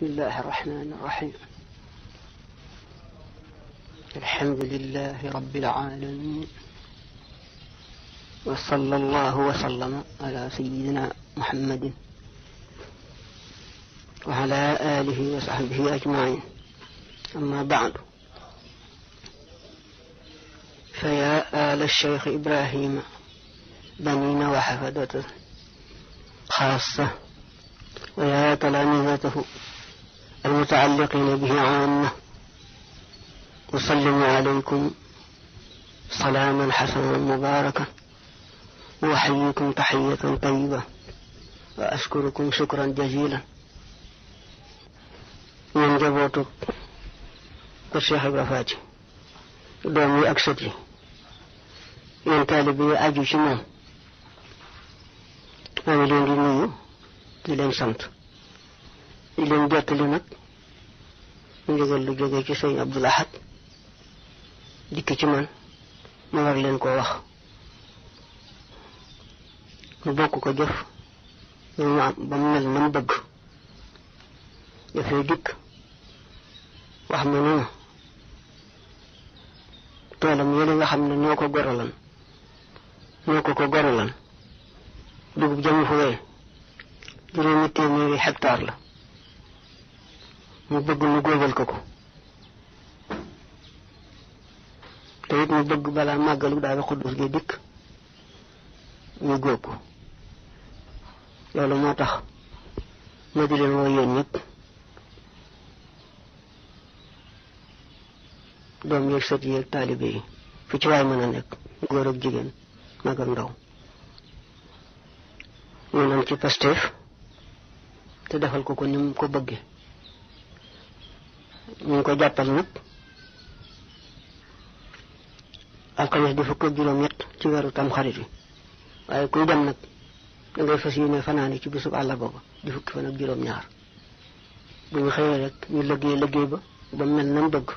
بسم الله الرحمن الرحيم الحمد لله رب العالمين وصلى الله وسلم على سيدنا محمد وعلى آله وصحبه أجمعين أما بعد فيا آل الشيخ إبراهيم بنين وحفدته خاصة ويا تلامذته المتعلقين به عامة وسلم عليكم سلاما حسنا مباركا وأحييكم تحية طيبة وأشكركم شكرا جزيلا من جبوتك الشيخ إبراهيم doom yi ak sët yi yéen taalibe yi aju ci moom maa ngi leen di nuyu di leen sant di leen jottali nag ndigal lu jógee ci sëñ Abdul dikk ci man ma war leen koo wax mu bokk ko jëf lu mu am ba mel na mu bëgg dafay dikk wax ma ne ma toolam yële nga xam ne ñoo ko gorolan ñoo ko ko gorolan dugub jamu fu wee juróomi téeméeri hectare la mu bëgg ñu góobal ko ko te it mu bëgg balaa màggalu daal xuddus gi dikk ñu góob ko loolu moo tax ma di leen woo yéen ñëpp doom yeeg sët yeeg taalibe yi fu ci waay mën a nekk góor ak jigéen mag ndaw ñu nam ci Pastef te defal ko ko ni mu ko bëggee ñu ngi koy jàppale nag alxames di fukk ak juróom-ñett ci weeru tamxarit yi waaye koy dem nag da ngay fas yéene fanaan ci bisub àll booba di fukki fan ak juróom-ñaar bu ñu xëyee rek ñu liggéey liggéey ba ba mel nañ bëgg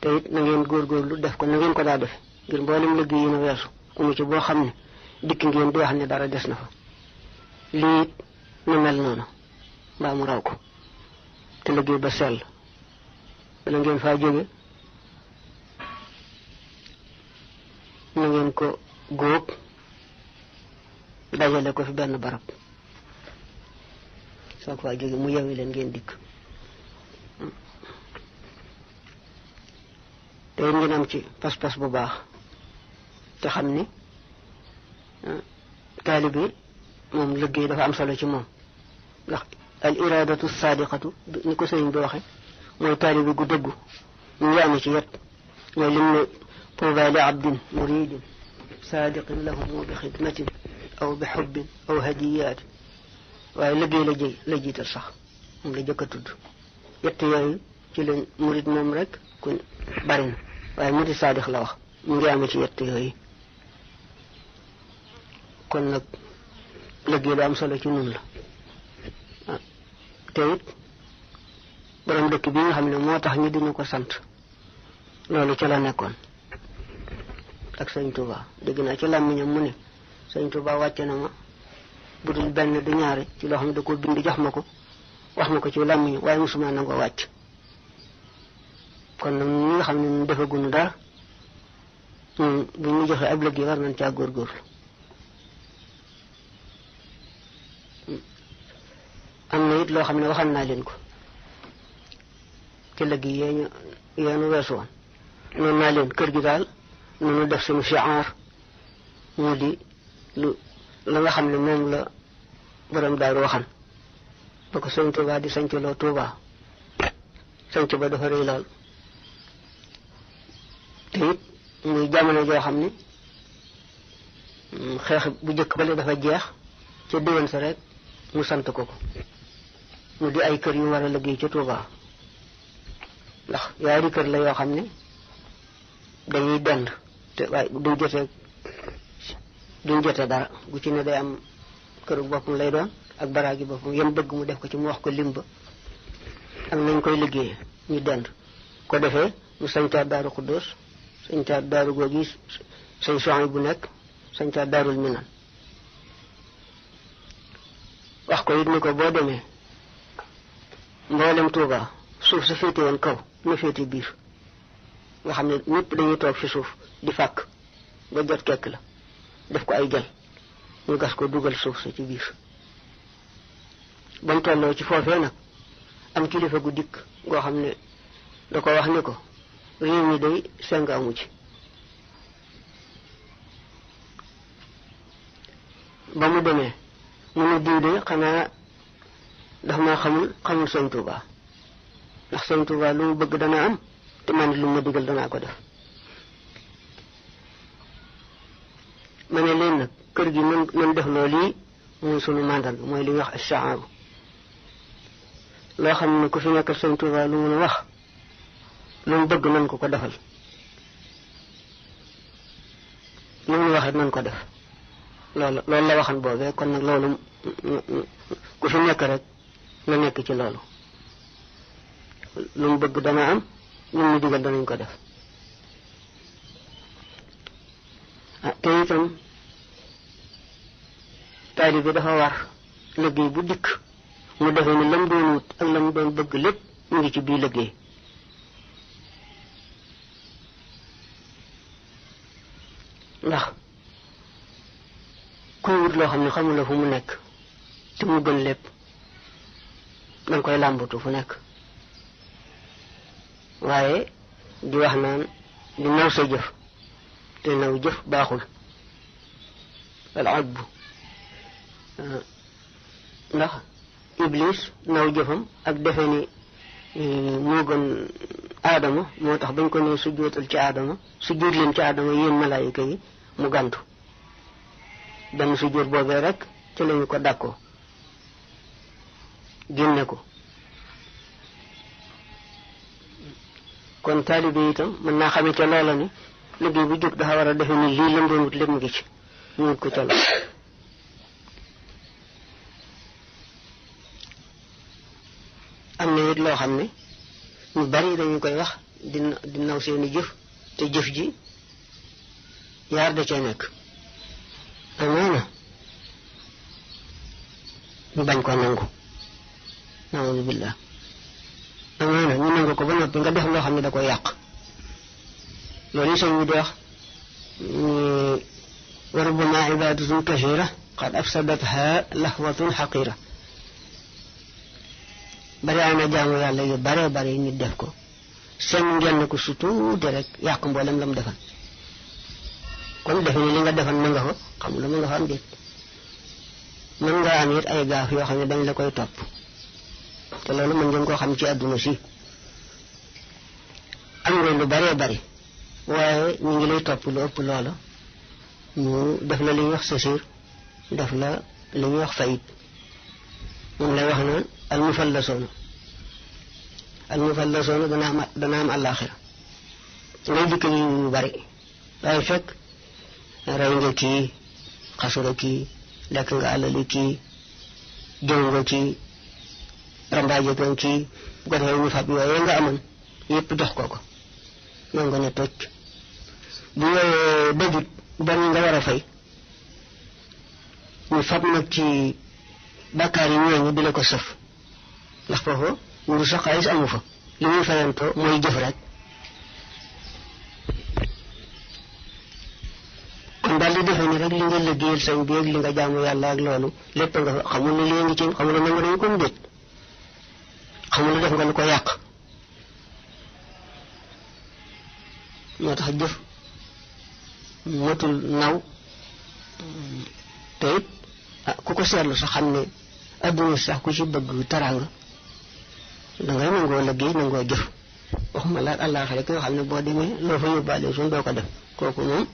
te it na ngeen góorgóorlu def ko na ko daa def ngir mboolem liggéey yi na weesu ku ci boo xam ne dikk ngeen di wax ne dara des na fa lii it nu mel noonu mbaa mu raw ko te liggéey ba sell bala ngeen faa jóge na ngeen ko góob dajale ko fi benn barab soo ko faa jóge mu yewi leen ngeen dikk te it ngeen am ci pas-pas bu baax te xam ni ah, taalibe moom liggéey dafa am solo ci moom ndax al iradatu saadiqatu ni ko sëriñ bi waxe mooy taalibi gu dëggu ñu ngi amee ci yet mooy lim ne tuuba li abdin muridin saadiqin lahumu bi xidmatin aw bi xubbin aw hadiyaatin waaye liggéey la jëy la jiital sax moom la jëkk a tudd yett yooyu ci leen murid moom rek kon bari na waaye murid saadiq la wax mu ngi amee ci yett yooyu kon nag liggéey lu am solo ci nun la te it dëkk bi nga xam ne moo tax ñu diñu ko sant loolu ca la nekkoon ak sëñ Touba dégg naa ci làmmiñam mu ne sëñ Touba wàcce na ma bu dul benn du ñaari ci loo xam da ko bind jox ma ko wax ma ko ci làmmiñu waaye mosuma nangoo wàcc kon nag ñi nga xam ne ñu defaguñu dara bu ñu joxee ab liggéey war nañ góor góorgóorlu am na it loo xam ne waxan naa leen ko ci lëgg yi ñu yeenu weesu woon noonu naa leen kër gi daal nunu def suñu chiar mu di lu la nga xam ne moom la borom daaru waxan ba ko sëñ Tuubaa di sanc loo Tuubaa sanc ba dafa rëy lool te it muy jamono joo xam ni xeex bu njëkk bale dafa jeex ca déwén sa rek mu sant ko ko mu di ay kër ñu war a liggéey ca Touba ndax yaari kër la yoo xam ni dañuy dend te waaye duñ jote duñ jote dara bu ci ne day am këru boppam lay doon ak baraagi boppam yam bëgg mu def ko ci mu wax ko limb ak nañ koy liggéey ñu dend ko defee mu sañtaat daaru Xuddoos sañtaat daaru googi sañ soxna bu nekk sañtaat daarul minan wax ko it ni ko boo demee mboolem Touba suuf su féete woon kaw na féete biir nga xam ne ñëpp dañuy toog fi suuf di fàkk ba jot kekk la def ko ay jal ñu gas ko dugal suuf sa ci biir ba tolloo ci foofee nag am kilifa gu dikk goo xam ne da ko wax ni ko réew mi day seng amu ci ba mu demee mu ne diw xanaa ndax maa xamul xamul sëñ Tuuba ndax sëñ Tuuba lu mu bëgg dana am te man lu ma digal danaa ko def ma ne nag kër gi mën def loolu yi mooy sunu màndal mooy li ñuy wax ashaaru loo xam ne ku fi nekk sëñ Tuuba lu mun wax lu mu bëgg nan ko ko defal lu mu waxit nan ko def loolu loolu la waxan boobee kon nag loolu ku fi nekk rek la nekk ci loolu lu mu bëgg dana am lu mu digal danañ ko def ah te dafa war liggéey bu dikk mu defee ni lam doon wut ak lam doon bëgg lépp mu ngi ci biir liggéey ndax kuy wut loo xam ne xamula fu mu nekk te mu gën lépp man koy làmbatu fu nekk waaye di wax naan di naw sa jëf te naw jëf baaxul wala ajbu ah, ndax iblis naw jëfam ak defe ni eh, moo gën aadama moo tax bañ ko nee su jootal ci aadama su jur leen ci aadama yéen malaayika yi mu gàntu benn su jur rek ci lañu ko dàkkoo jël ko kon taalibe itam mën naa xamee ca loola ni liggéey bu jóg dafa war a defe ni lii lam lépp mu ngi ci ñu wut ko ca loola am na it loo xam ne ñu bari dañu koy wax di naw seeni jëf te jëf ji yaar da ca nekk amaana ñu bañ ko nangu naawuzu billah amaana ñu nangu ko ba noppi nga def loo xam ne da koy yàq loolu yi sëñ bi di wax wa rubbama ibaadatun kathira qad afsadatha lahwatun xaqira bari ana jaamu yàlla yu bare bare yi nit def ko seen ngenn ko su tuuti rek yàq mboolem la mu defal kon defe ni li nga defal mën nga ko xam lu nga fa am déet mën nga am ay gaaf yoo xam ne dañ la koy topp te loolu mën koo xam ci àdduna si am lu bare bari waaye ñu ngi lay topp lu ëpp loola ñu def la li ñuy wax sasir def la li ñuy wax fayit moom lay wax naan al mufallasoona al mufallasoona dana am dana am àllaaxira ngay dikk yi ñu bari waaye fekk rey nga kii xasura kii lekk nga àllali kii rambaaj yeeg lañ kii bu ko defee ñu fab yooyee nga amoon yëpp dox ko ko nangu ne toj bu yooyee dajut ban nga war a fay ñu fab nag ci bàkkaar yi ñooñu di la ko sëf ndax foofu nguur sa xaalis amu fa li muy fayantoo mooy jëf rek kon daal di defe ni rek li nga liggéeyal sañ bi ak li nga jaamu yàlla ak loolu lépp nga xamul ne lée ngi ci xamul ne nangu nañ ko mu déet xamul def nga lu ko yàq moo tax jëf motul naw te it ah, ku ko seetlu sax xam ne adduna sax ku ci bëgg teraanga dangay nangoo liggéey nangoo jëf waxuma laat allah xale ki xam ne boo demee loo fa yóbbaale suñ doo ko def kooku moom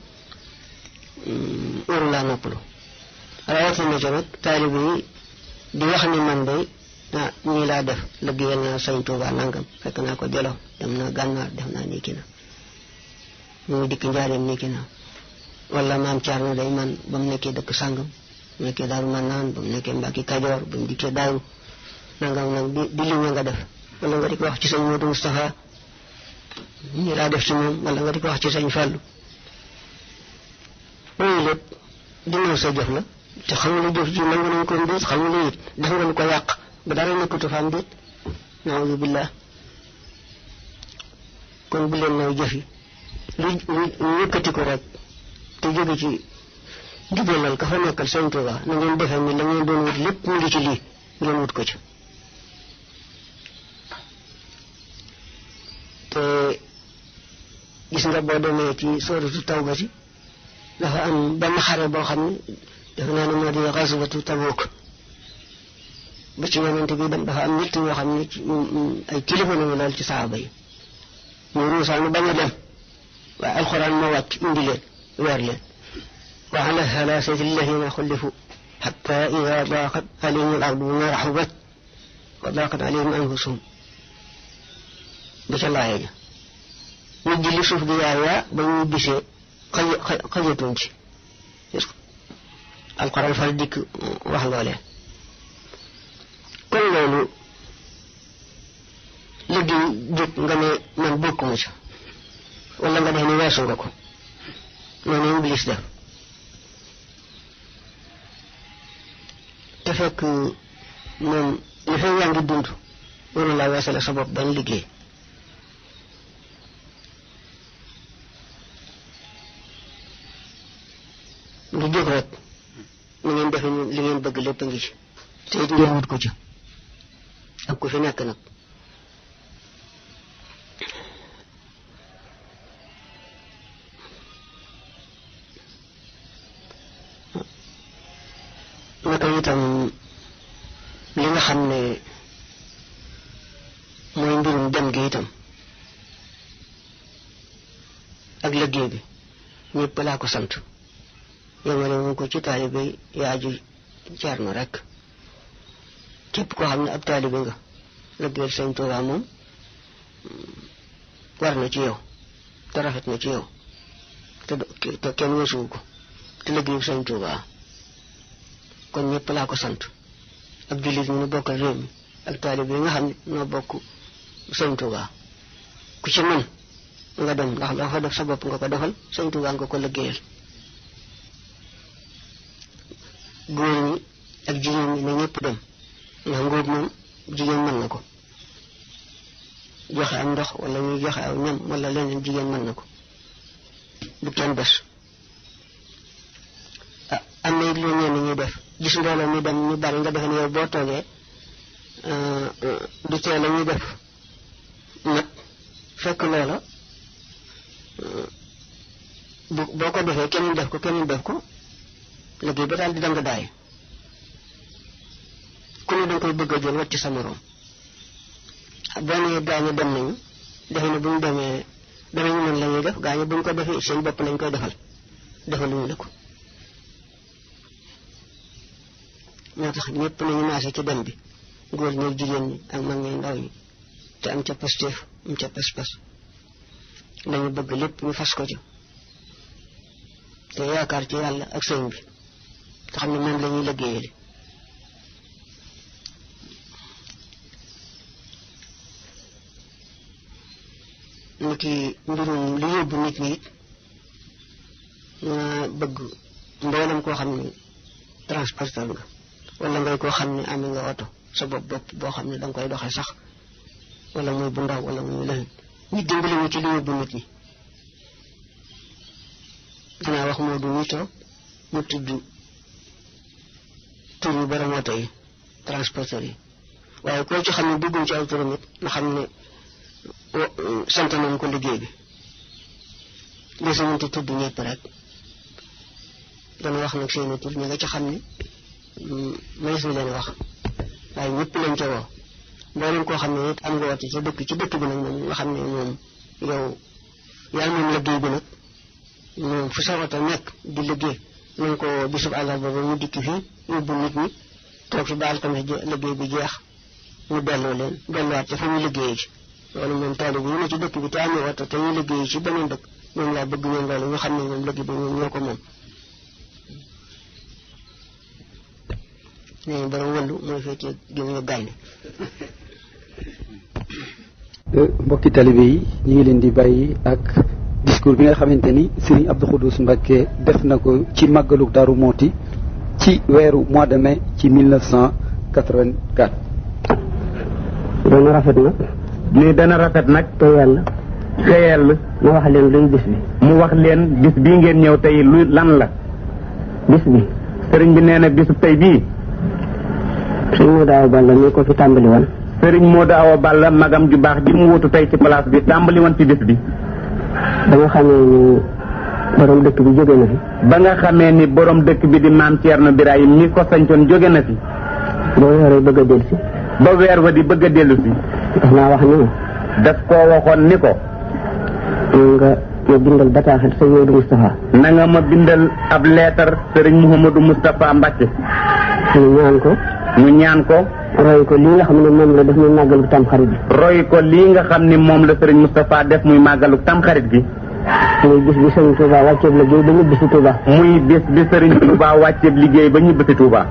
mm, wóoru laa noppalu rawatina ci nag taalibe yi di wax ni man day ah ñii laa def liggéeyal naa sëñ Tuuba nangam fekk naa ko Jolof dem naa Gànnaar def naa nii ki na mu dikk njaareem nii ki na wala maam Thierno day man ba mu nekkee dëkk sàngam mu nekkee daaru man naan ba mu nekkee Mbàkke Kajoor ba mu dikkee daaru nangam nag di di nga def wala nga di wax ci sëñ Modou Moustapha ñii di ko sa jëf la te xam nga la jëf ji nangu nañ ko mbir xam nga lu it def nga lu ko yàq ba dara nekkutu fa am déet naawuzu billah kon bu leen naw jëf yi lu yëkkati ko rek te jóge ci jubalal ka fa nekkal Sëñ Tuubaa na ngeen defee ni la ngeen doon wut lépp mu ngi ci lii ngeen wut ko ci te gis nga boo demee ci sooratu tawba si dafa am benn xare boo xam ne def naa ne moo di xaswatu Tabuuk ba ci yonente bi dem dafa am ñett ñoo xam ne ay kilifa lañu daal ci saaba yi ñu ruusaanu bañ a dem waaye alxuraan moo wàcc indi leen weer leen wa ala thalathati alladhina xulifu xatta ida daqat alayhim al ardu bima raxubat wa daqat alayhim anfusuhum ba ca laaye ja ñu julli suuf gi yaay yaa ba ñu gisee xajatuñ ci alxuraan far dikk wax loolee kon loolu liggéey jóg nga ne man bokkuma ci wala nga def ni weesu nga ko noonu iblis def te fekk moom li fay yaa ngi dund waru laa weesale sa bopp bañ liggéey ngi jóg rek ni ngeen defe li ngeen bëgg lépp a ngi ci te ngeen wut ko ci ak ku fi nekk nag naka itam li nga xam ne mooy mbirum dem gi itam ak liggéey bi ñëpp laa ko sant yemale mu ko ci taalibe yi yaa aju Ceerno rekk képp koo xam ne ab taalibe nga liggéeyal Sëñ Tuubaa moom mm, war na ci yow te rafet na ci yow te kenn weesuwu ko te liggéeyal Sëñ Tuubaa kon ñëpp laa ko sant ak jullit ñu nu bokkal réew mi ak taalibe nga xam ne noo bokk Sëñ Tuubaa ku ci mën nga dem ndax la fa def sa bopp nga ko defal Sëñ Tuubaa nga ko liggéeyal góor ñi ak jigéen ñi ne ñëpp dem ndax ngóob moom jigéen mën na ko joxe am ndox wala ñuy joxe aw ñam wala leneen jigéen mën na ko bu kenn bés ah am na it lu ñenn ñuy def gis mbooloo mi dem ñu bari nga defe ne yow boo toogee euh, du tee la ñuy def nag fekk loola euh, bu boo ko defee keneen def ko keneen def ko léegi ba daal di danga daay ku ne da koy bëgg a jël wàcc sa morom boo nee gaañu dem nañu defe ne bu ñu demee danañu mën la ñuy def gaañu bu ñu ko defee seen bopp lañ koy defal defaluñu la ko ñoo tax ñëpp nañu maase ci dem bi góor ñi jigéen ñi ak mag ñi ndaw ñi te am ca pastéef am ca pas-pas lañu bëgg lépp ñu fas ko ci te yaakaar ci yàlla ak sëñ bi te xam ne moom la ñuy liggéeyale tuuti mbirum li yóbbu nit koo xam ni transporteur nga wala ngay koo xam ne am nga oto sa bopp boo xam ne danga koy doxe sax wala muy bu ndaw wala muy leneen ñu dimbali ñu ci li yóbbu nit ñi dinaa wax moo du ñu mu tudd tur yu borom oto yi transporteur yi waaye koo ci xam ne dugguñ ci aw turam xam ne sant nañ ko liggéey bi dese mënta tudd ñëpp rek dana wax nag seeni tur ñi nga ci xam ni mënees na leen wax waaye ñëpp lañ ca woo mboolem koo xam ne it am nga woote dëkk ci dëkk bi nag moom xam ne moom yow yàlla moom liggéey bi nag moom fu sa woote nekk di liggéey nañ ko bisub àllarba ba mu dikk fii yóbbu nit ñi toog fi ba alxames liggéey bi jeex ñu delloo leen delluwaat ca fa ñu liggéeyee ji loolu moom taalib yi ne dëkk bi te amee xam ne ñoom liggéey ba ko moom nee bara wëllu mbokki talibe yi ñu ngi leen di bàyyi ak discours bi nga xamante ni Serigne Abdou Khoudous Mbacké def na ko ci màggalu Daaru Mooti ci weeru mois de mai ci 1984. loolu rafet na. ni dana rafet nag. te yàlla. te yàlla. mu wax leen luy bis bi. mu wax leen bis bii ngeen ñëw tey lu lan la. bis bi. sëriñ bi nee na bisu tey bii. sëriñ Modou Awa Balla mi ko fi tàmbali woon. sëriñ Modou Awa Balla magam ju baax ji mu wutu tey ci place bi tàmbali woon ci bis bi. ba nga xamee ni borom dëkk bi jóge na fi. ba nga xamee ni boroom dëkk bi di maam Thierno Birahim mi ko sañcoon jóge na fi. boo weeree bëgg a si. ba weer wa di bëgg a dellu daf naa wax ni. daf koo waxoon ni ko. nga ma bindal bataaxal sëñ Modou Moustapha. na ma bindal ab leetar sëriñ Mouhamadou Moustapha Mbacke. ñu ñaan ko. ñu ñaan ko. roy ko lii nga xam ne moom la def muy màggalu tamxarit bi. roy ko lii nga xam ne moom la sëriñ Moustapha def muy màggalu tamxarit bi. muy bis bi sëriñ Touba wàcceeb liggéey ba ñibbi si Touba. muy bis bi sëriñ Touba wàcceeb liggéey ba ñibbi si Touba.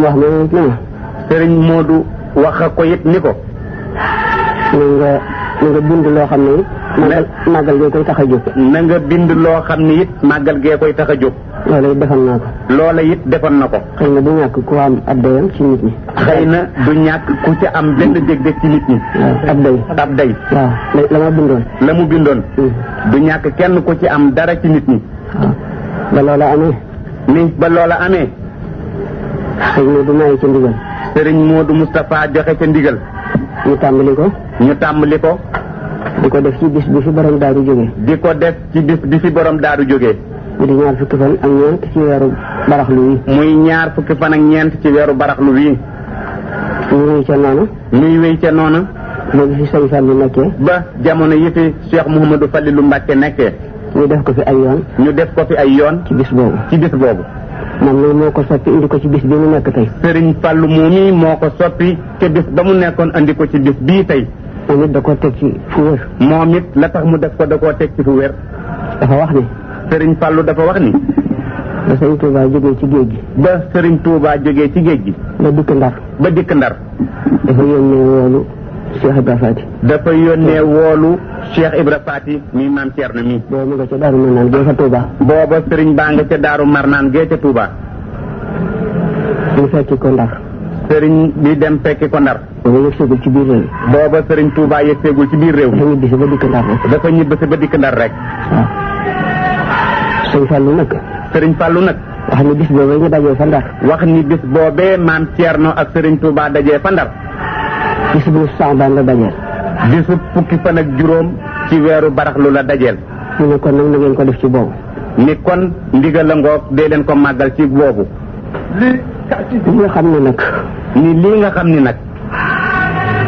wax nga ne sëriñ Modou wax ko it ni ko. na nga bind loo xam ne. màggal màggal gee koy tax a jóg. na bind loo xam ne it màggal gee koy tax a jóg. loola it defoon naa ko. loola it defoon na ko. xëy na du ñàkk ku am ab dayam ci nit ñi. xëy na du ñàkk ku ca am benn dég-dég ci nit ñi. ab day ab day. waaw la ma bindoon. la mu bindoon. Hmm. du ñàkk kenn ku ci am dara ci nit ñi. ba loola amee. ni ba loola amee. xëy na du maye ci ndigal. sëriñ du Moustapha joxe ca ndigal. ñu tàmbali ko. ñu tàmbali ko. di ko def ci bis bi fi borom daaru jógee. di ko def ci bis bi fi borom daaru jógee. mu di ñaar fukki fan ak ñeent ci weeru baraxlu wii. muy ñaar fukki fan ak ci weeru baraxlu wii. muy wéy ca noona. muy wéy ca noona. ba fi nekkee. ba jamono yi fi Cheikh Mouhamadou Fallilou Mbacke nekkee. ñu def ko fi ay yoon. ñu def ko fi ay yoon. ci bis boobu ci bis boobu. moom nag moo ko soppi indi ko ci bis bi mu nekk tey. Serigne Fallou moomi moo ko soppi te bis ba mu nekkoon andi ko ci bis bii tey. moom da koo teg ci fu wér. moom it la tax mu def ko da koo teg ci fu wér. dafa wax ni. Serigne Fallou dafa wax ni. ba Serigne Touba jógee ci géej gi. ba sëriñ Touba jógee ci géej gi. ba dikk ndar. ba dikk ndar. dafa yónnee woolu Cheikh Ibra Faty. dafa yónnee woolu Cheikh Ibra Faty mi maam Thierno mi. booba mu nga ca Daaru Marnaan gee ca Touba. booba Serigne mu fekki ko Ndar. Serigne bi dem fekki ko Ndar. booba yëgseegul ci biir réew. booba Serigne Touba yëgseegul ci biir réew. dafa ñibbisi ba dikk Ndar rek. dafa ñibbisi ba dikk Ndar rek. waaw. Serigne Fallou nag. Serigne Fallou nag. wax ni bis boobee ñu dajee fa ak Serigne Touba dajee fa Ndar. bisub Saabaan la dajeel. bisub fukki fan ak juróom ci weeru baraxlu la dajeel. ñu ne kon nag na ngeen ko def ci boobu. ni kon ndigal la ngoog dee leen ko màggal ci boobu. lii li nga xam ne nag. ni lii nga xam ni nag.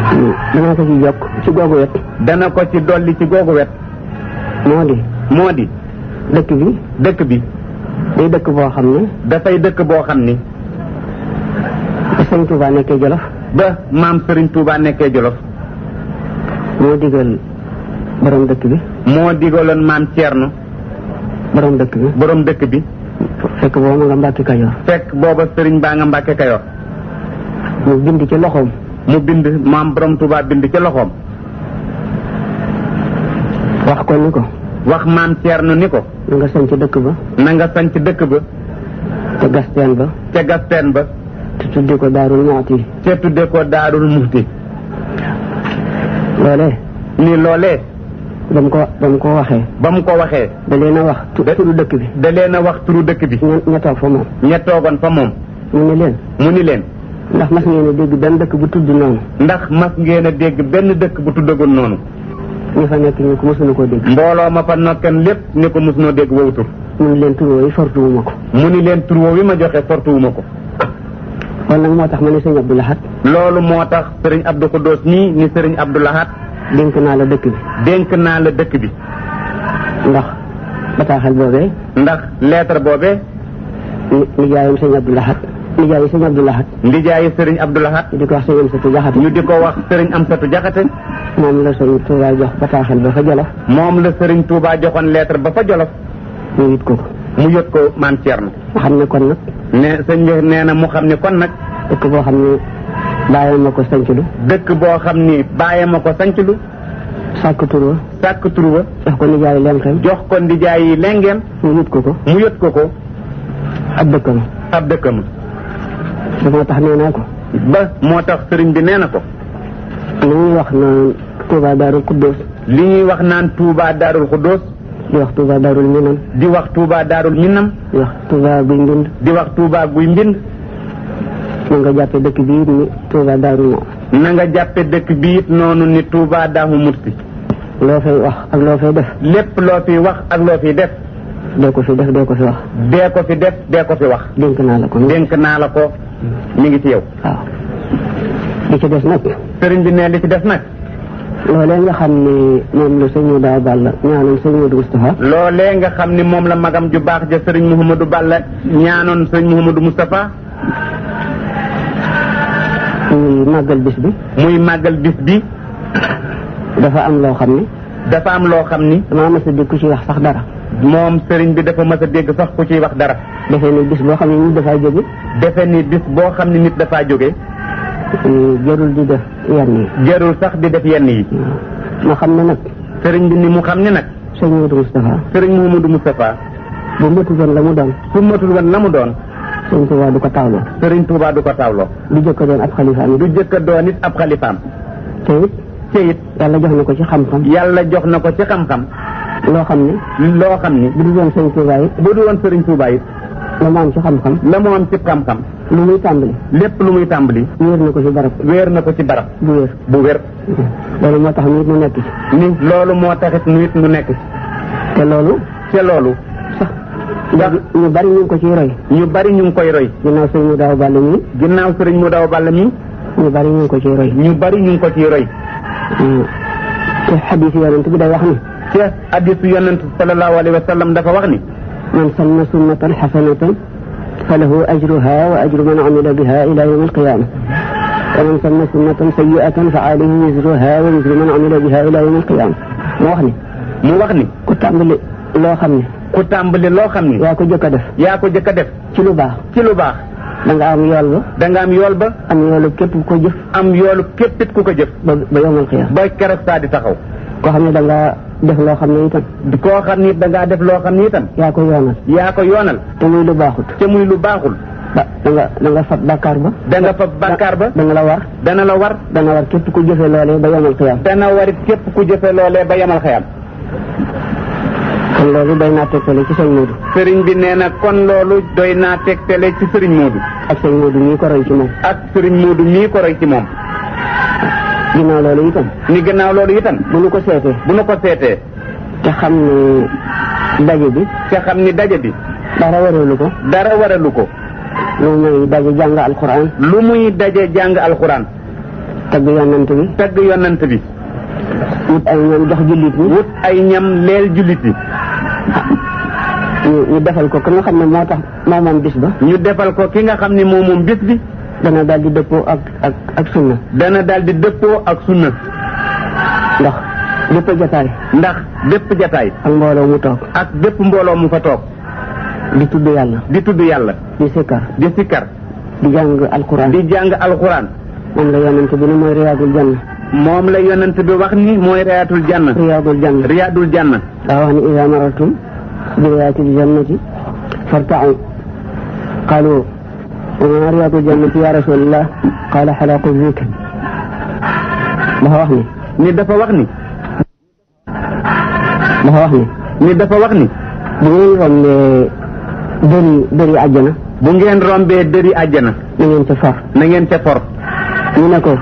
Hmm, dana ko ci yokk ci googu wet. dana ko ci dolli ci googu wet. moo di. moo di. dëkk bi. dëkk bi. day dëkk boo xam ni. dafay dëkk boo xam ni. Sëñ Tuubaa nekkee Jolof. ba maam sëriñ Touba nekkee Jolof. moo digal borom dëkk bi. moo digaloon maam Thierno. borom dëkk bi boroom dëkk bi. fekk booba ma nga Mbàkke Kajoor. fekk booba Serigne baa nga Mbàkke Kajoor. mu bind ci loxoom. mu bind maam borom Touba bind ci loxoom. wax ko ni ko. wax maam na ni ko. na nga sanc dëkk ba. na nga sanc dëkk ba. ca Gasteen ba. ca Gasteen ba. te tudde ko daarul muxti te tudde ko daarul muxti loolee ni loolee ba mu ko ba mu ko waxee ba mu ko waxee da leen wax wax turu dëkk bi da leen a wax turu dëkk bi ña toog fa moom ña fa moom mu ni leen mu ni leen ndax mas ngeen a dégg benn dëkk bu tudd noonu ndax mas ngeen a dégg benn dëkk bu tuddagoon noonu ñu fa nekk ñu ko mosuñu koo dégg mbooloo ma fa nokkan lépp ni ko mosunoo dégg wowutur mu ni leen tur woowu fortuwuma ko mu ni leen turo woowu ma joxe fortuwuma ko loolu nag moo tax ma ne sëriñ Abdou Lahad loolu moo tax sëriñ Abdou Khoudous nii ni sëriñ Abdou Lahad dénk naa la dëkk bi dénk naa la dëkk bi ndax bataaxal boobee ndax lettre boobee nijaayam sëriñ Abdou Lahad ndijaayi sëriñ Abdou Lahad ndijaayi sëriñ Abdou Lahad ñu di ko wax sëriñ Amsatu Jaxate ñu di ko wax sëriñ Amsatu Jaxate moom la sëriñ Touba jox bataaxal ba fa Jolof moom la sëriñ Touba joxoon lettre ba fa Jolof mu yët ko mu yët ko maam Thierno xam ne kon nag ne sëñ bi nee na mu xam ne kon nag. dëkk boo xam ni bàyyi ma ko sanc lu. dëkk boo xam ni bàyyi ma ko sanc lu. sàkk tur wa. sàkk tur wa. jox ko nijaay yi lengeem. jox ko nijaay yi lengeem. mu yët ko ko. mu yët ko ko. ab dëkkam. ab dëkkam. ba moo tax nee naa ko. ba moo tax sëriñ bi nee na ko. li ñuy wax naan Touba Darou Khoudoss. li ñuy wax naan Touba Darou Khoudoss. di wax Touba Darul Minam. di wax Touba Darul Minam. di wax Touba guy mbind. di wax Touba guy mbind. na nga jàppe dëkk bi it na nga jàppe dëkk bi noonu ni Touba Darou Mouhty. loo fay wax ak loo fay def. lépp loo fi wax ak loo fi def. dee ko fi def dee ko fi wax. dee ko fi ko fi wax. dénk naa la ko dénk naa la ko mi ngi ci yow. waaw li ci des nag. sëriñ bi ne li ci des nag. loolee nga xam ni moom la sëñ Daaw Balla ñaanoon sëñ Modou Moustapha. loolee nga xam ni moom la magam ju baax ja sëriñ Mouhamadou Balla ñaanoon sëñ Mouhamadou Moustapha. muy màggal bis bi. muy màggal bis bi. dafa am loo xam ni. dafa am loo xam ni. damaa mës dégg ku ci wax sax dara. moom sëriñ bi dafa mës dégg sax ku ciy wax dara. defe ni bis boo xam ne nit dafaa jóge. defe ni bis boo xam ne nit dafaa jóge. jarul di def yenn yi. jarul sax di def yenn yi. moo xam ne nag. sëriñ bi ni mu xam ne nag. sëriñ Mouhamadou Moustapha. sëriñ Mouhamadou Moustapha. bu matul woon la mu doon. bu matul woon la mu doon. sëriñ Touba du ko taawloo. sëriñ Touba du ko taawloo. du jëkk a doon ab xalifaam. du jëkk a doon it ab xalifaam. te it. te jox na ko ci xam-xam. yàlla jox na ko ci xam-xam. loo xam ne. loo xam ne. bu du woon sëriñ Touba it. bu du woon sëriñ Touba it. la mu am ci xam-xam la mu am ci xam-xam lu muy tàmbali lépp lu muy tàmbali wéer na ko ci barab wéer na ko ci barab bu wér bu wér loolu moo tax nu it nu nekk ci ni loolu moo taxit nu it nu nekk ci te loolu te loolu sax ndax ñu bari ñu ko ci roy ñu bari ñu ngi koy roy ginnaaw sëriñ mu daaw bàll mi ginnaaw sëriñ mu daw bàll mi ñu bari ñu ko ciy roy ñu bari ñu ko ci roy mm. te xadiis yonent bi day wax ni te xadiisu yonent sallallahu alayhi wa sallam dafa wax ni man sanna sunnatan xasanatan falahu ajruha wa ajru man amila biha ila yawm alqiyama wa man sanna sunnatan sayiatan fa alayhi wisruha wa wisru man amila biha ila yawm alqiyama mu wax ni mu wax ni ku tàmbali loo xam ne ku tàmbali loo xam ne yaa ko jëkk a def yaa ko jëkk a def ci lu baax ci lu baax da nga am yool ba da nga am yool ba am yoolu képp ku ko jëf am yoolu képpit ku ko jëf ba yawm alqiyama ba keroog saa di taxaw koo xam ne da nga def loo xam ne itam di koo xam ni dangaa def loo xam ne itam yaa ko yoonal yaa ko yoonal te muy lu baaxul te muy lu baaxul ba da nga da nga fab bàkkaar ba da fab bàkkaar ba danga la war dana la war dana war képp ku jëfe loolee ba yamal xiyam dana warit képp ku jëfe loolee ba yamal xiyam kon loolu doy naa tegtale ci sëñ Moodu sëriñ bi nee na kon loolu doy naa teg tele ci sëriñ Moodu ak sëriñ Moodu mii ko roy ci moom ak sëriñ Moodu mii ko roy ci moom ginnaaw loolu itam. ni ginnaaw loolu itam. bu nu ko seetee. bu nu ko seetee. te xam ni daje bi. te xam ni daje bi. dara waralu ko. dara waralu ko. lu muy daje jàng alxuraan. lu muy daje jàng alxuraan. tagg yonant bi. tagg yonant bi. wut ay ñam jox jullit yi. wut ay ñam leer jullit yi. ñu defal ko ki nga xam ne moo tax moo moom bis ba. ñu defal ko ki nga xam ne moo moom bis bi. dana dal di dëppoo ak ak ak sunna. dana daal di dëppoo ak sunna. ndax bépp jataay. ndax dëpp jataay. ak mbooloo mu toog. ak bépp mbooloo mu fa toog. di tudd yàlla. di tudd yàlla. di sikkar. di sikkar. di jàng alquran. di jàng alquran. moom la yonent bi ni mooy riyaadul janna. moom la yonent bi wax ni mooy riyaadul janna. riyaadul janna. riyaadul janna. daa wax ni idaa marartum bi riyaadil jannati fartau qaalu وما رياض الجنة يا رسول الله قال حلاق الذكر dafa wax ni nit dafa wax ni wax ni nit dafa wax ni bu ngeen rombee dëri dëri àjjana bu ngeen rombee dëri àjjana na ngeen ca for na ngeen ca for ñu ne ko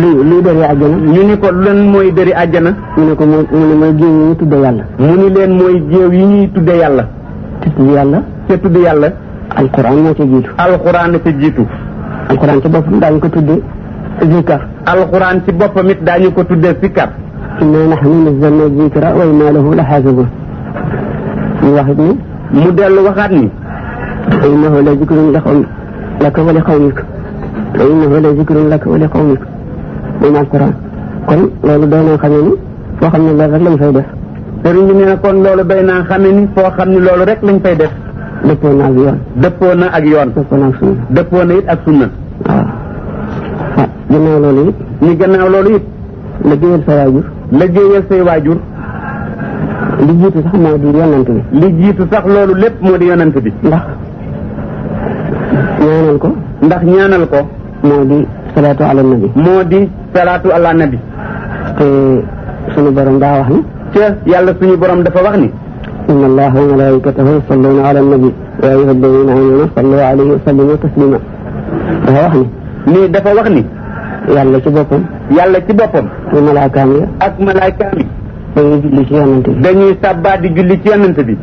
lu luy dëri àjjana ñu ni ko lan mooy dëri àjjana ñu ne ko mu ne mooy géew yi ñuy tudde yàlla mu ni leen mooy géew yi ñuy tudde yàlla te tudd yàlla te tudd yàlla alquran moo ca jiitu. alquran la ca jiitu. alquran ci boppam daañu ko tuddee zikar. alquran ci boppam it daañu ko tuddee zikar. innaa nahnu nazzalnaa zikra wa innaa lahu lahaafizuun. mu wax it mu dellu waxaat ni. wa innahu la zikrun laka wa li qawmik. wa innahu la zikrun laka wa li qawmik. moom alquran kon loolu doy naa xamee ni foo xam ne loolu rek lañ fay def. sëriñ bi nee na kon loolu bay naa xamee ni foo xam ne loolu rek lañ fay def. dëppoo na ak yoon. dëppoo na ak yoon. dëppoo ak sunna. dëppoo it ak sunna. waaw. ah gannaaw loolu it. ñu gannaaw loolu it. liggéeyal sa waajur. liggéeyal say waajur. li jiitu sax moo di yonent bi. li sax loolu lépp moo di yonent bi. ndax ñaanal ko. ndax ñaanal ko. moo di salaatu ala bi moo di salaatu ala nabi. te sunu borom daa wax ni. te yàlla suñu borom dafa wax ni. إن الله وملائكته يصلون على النبي يا أيها الذين آمنوا صلوا عليه وسلموا تسليما dafa wax ni lii dafa wax ni yàlla ci boppam yàlla ci boppam ak malaakaam yi ak malaakaam yi dañuy julli ci yonante bi dañuy sàbbaat di julli ci yonante bi